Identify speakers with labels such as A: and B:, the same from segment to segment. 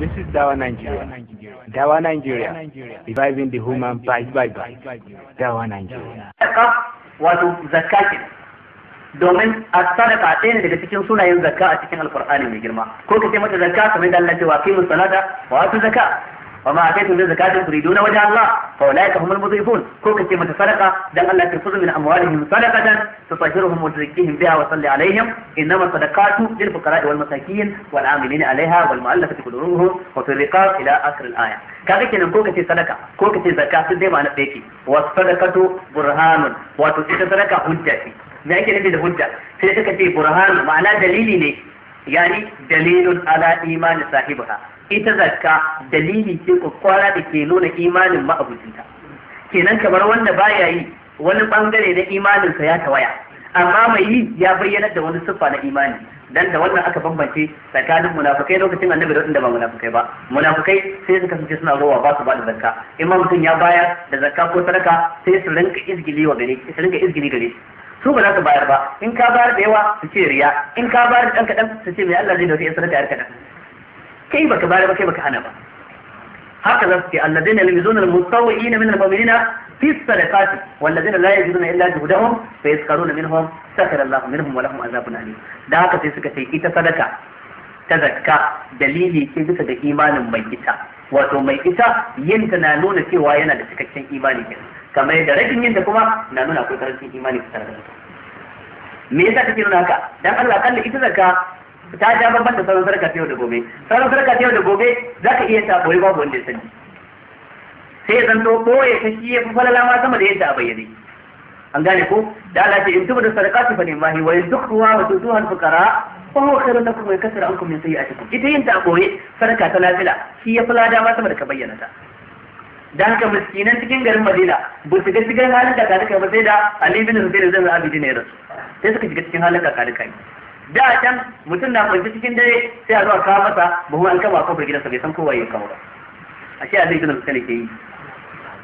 A: This is Dawa Nigeria. Dawa Nigeria. Reviving the human by by by. Dawa Nigeria. Wato zakka ke domin a sadaka ɗaya daga cikin sunayen zakka a cikin alkur'ani mai girma ko ka ce mata zakka kamar da Allah ce wa aqimus salata wa atu zakka وما آتيتم من زكاة تريدون وجه الله فأولئك هم المضيفون كوك كلمة صدقة دل الله من أموالهم سلقه تطهرهم وتزكيهم بها وصلي عليهم إنما الصدقات للفقراء والمساكين والعاملين عليها والمؤلفة قلوبهم وفي الرقاب إلى آخر الآية كذا كان كوك kace sadaka كوك kace زكاه sun معنى ma'ana والصدقه برهان وتصدق sadaqatu حجتي ما يمكن ان يكون ce me ake nufi yani dalilun ala imani sahibiha ita zakka dalili ce kwakwara da ke nuna imanin ma'abucinta kenan kamar wanda baya yi wani bangare na imaninsa ya tawaya amma mai yi ya bayyana da wani siffa na imani dan da wannan aka bambance tsakanin munafukai lokacin annabi da wanda ba munafukai ba munafukai sai suka fice suna rowa ba su ba da zakka in mutum ya bayar da zakka ko sadaka sai su rinka izgili wa gare su rinka izgili gare su ba za su bayar ba in ka bayar da yawa su ce riya in ka bayar da ɗan kaɗan su ce mai Allah zai dauke ya sanata yar kaɗan kai baka bayar ba kai baka hana ba haka za su ce alladina yalmizuna almustawina min almu'minina fi sadaqati walladina la yajiduna illa juhdahum fa yaskaruna minhum sakara Allah minhum wa lahum azabun alim da haka sai suka ce ita sadaka ta zakka dalili ce bisa ga imanin mai ita wato mai isa yin ta na nuna cewa yana da cikakken imani kenan kamar yadda rashin yin ta kuma na nuna akwai karancin imani tare da ita me yasa kake nuna haka dan Allah kalla ita zakka ta ja babban da sauran sarka yau da gobe sauran sarka yau da gobe zaka iya ta boye babu wanda ya sani sai ya zanto boye ta shi ya fi falala ma sama da yadda a bayyane an gane ko da Allah ce in tuba da sadaqati fa mahi wa yadkhruha wa tutuha al-fuqara فهو خير لكم ويكسر عنكم من سيئاتكم min sayi'atikum ita yin ta هي فلا ta lafila shi ya fula dama sama da ka bayyana ta dan haka miskinan cikin garin Madina ba su ga cikin halin da kadaka ba sai da Ali bin Husayn zan Abidi ne rasu sai suka shiga cikin halin da da can mutum na kwanci cikin dare sai a zo a kawo masa buhu an kama kofar gidansa bai san kowa ya kawo ba a ce na bin ne ke yi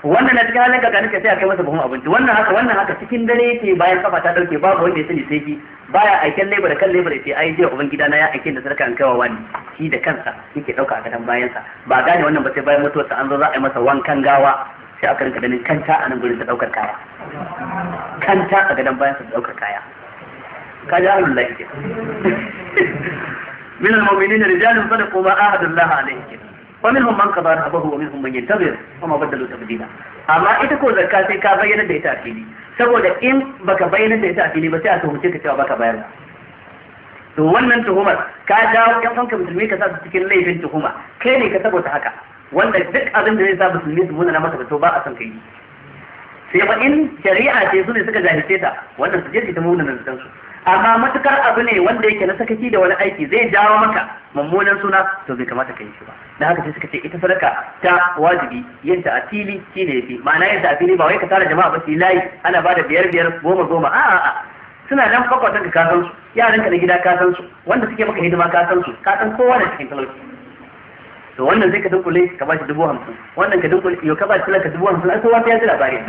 A: wannan na cikin halin kakanin sai a kai masa buhun abinci wannan haka wannan haka cikin dare yake bayan kafa ta dauke babu wanda ya sani sai ki baya aiken leba da kan leba da sai ai je uban gida na ya aiken da sarkan kaiwa wani shi da kansa yake dauka a gadan bayan sa ba gane wannan ba sai bayan mutuwarsa an zo za a yi masa wankan gawa sai aka rinka ganin kanta a nan gurin ta daukar kaya kanta a gadan bayan sa da daukar kaya ka ji ahlul lahi min al-mu'minina rijalun sadaqu ma ahadu alayhi فمنهم من قضى نحبه ومنهم من ينتظر وما بدلوا تبديلا amma ita ko zakka sai ka bayyana da ita a fili saboda in baka bayyana da ita a fili ba sai a tuhumce ka cewa baka bayar da to wannan tuhumar ka dawo yan uwanka musulmi ka sa su cikin laifin tuhuma kai ne ka saboda haka wanda duk abinda da zai sa musulmi su muna masa to ba a san kai sai ba in shari'a ce su ne suka jahilce ta wannan su je ta muna nan su amma matukar abu ne wanda yake na sakaci da wani aiki zai jawo maka mummunan suna to bai kamata ka yi shi ba da haka sai suka ce ita sadaka ta wajibi yin ta a fili ne yafi ma'ana yin ta a fili ba wai ka tara jama'a ba su layi ana bada biyar biyar goma goma a'a a'a suna nan kwakwatan ka san su yaran ka na gida ka san su wanda suke maka hidima ka san su ka san kowa da cikin talauci to wannan zai ka dunkule ka ba shi dubu hamsin wannan ka dunkule yau ka ba shi talaka dubu hamsin a kowa ya ji labarin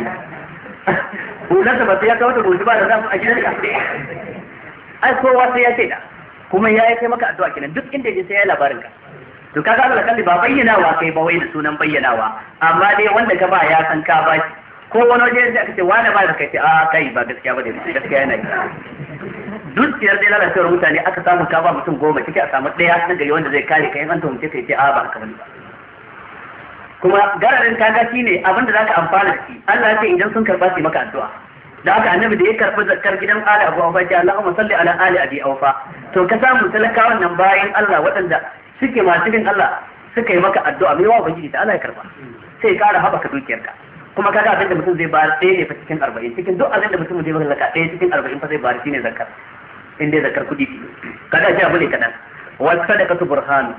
A: hulansa ba sai ya kawo ta goshi ba da zamu a gidanka ai kowa sai ya shaida kuma ya yi kai maka addu'a kenan duk inda je sai ya labarin ka to kaga Allah kalli ba bayyanawa kai ba wai da sunan bayyanawa amma dai wanda ka ba ya san ka ba shi ko wani waje da aka ce wani ba da kai ce a kai ba gaskiya ba da gaskiya yana yi duk ciyar dai lalacewar mutane aka samu ka ba mutum goma ciki a samu ɗaya na gari wanda zai kare ka in an tuhumce kai ce a ba haka bane ba kuma gararin kaga shine abin da zaka amfana da shi Allah ya ce idan sun karba su maka addu'a da haka annabi da ya karɓi zakar gidan Ali Abu Aufa ya Allahumma salli ala Ali Abi Aufa to ka samu talakawan nan bayan Allah waɗanda suke masu bin Allah suka yi maka addu'a mai wa ubangiji da Allah ya karba sai ƙara haɓaka dukiyarka kuma kaga abin da mutum zai bayar ɗaya ne fa cikin arba'in cikin duk abin da mutum zai bayar zaka ɗaya cikin arba'in fa zai bayar shine zakar in dai zakar kuɗi kaga shi abu ne kaɗan wasu sadaka burhanu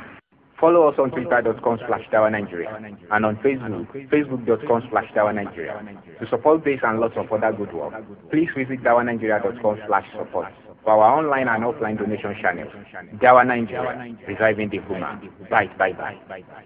A: Follow us on twitter.com slash Tower Nigeria and on Facebook, facebook.com slash Tower Nigeria. To support this and lots of other good work, please visit dawanigeria.com slash support for our online and offline donation channels. Dawa Nigeria, reviving the human. Bye, bye, bye.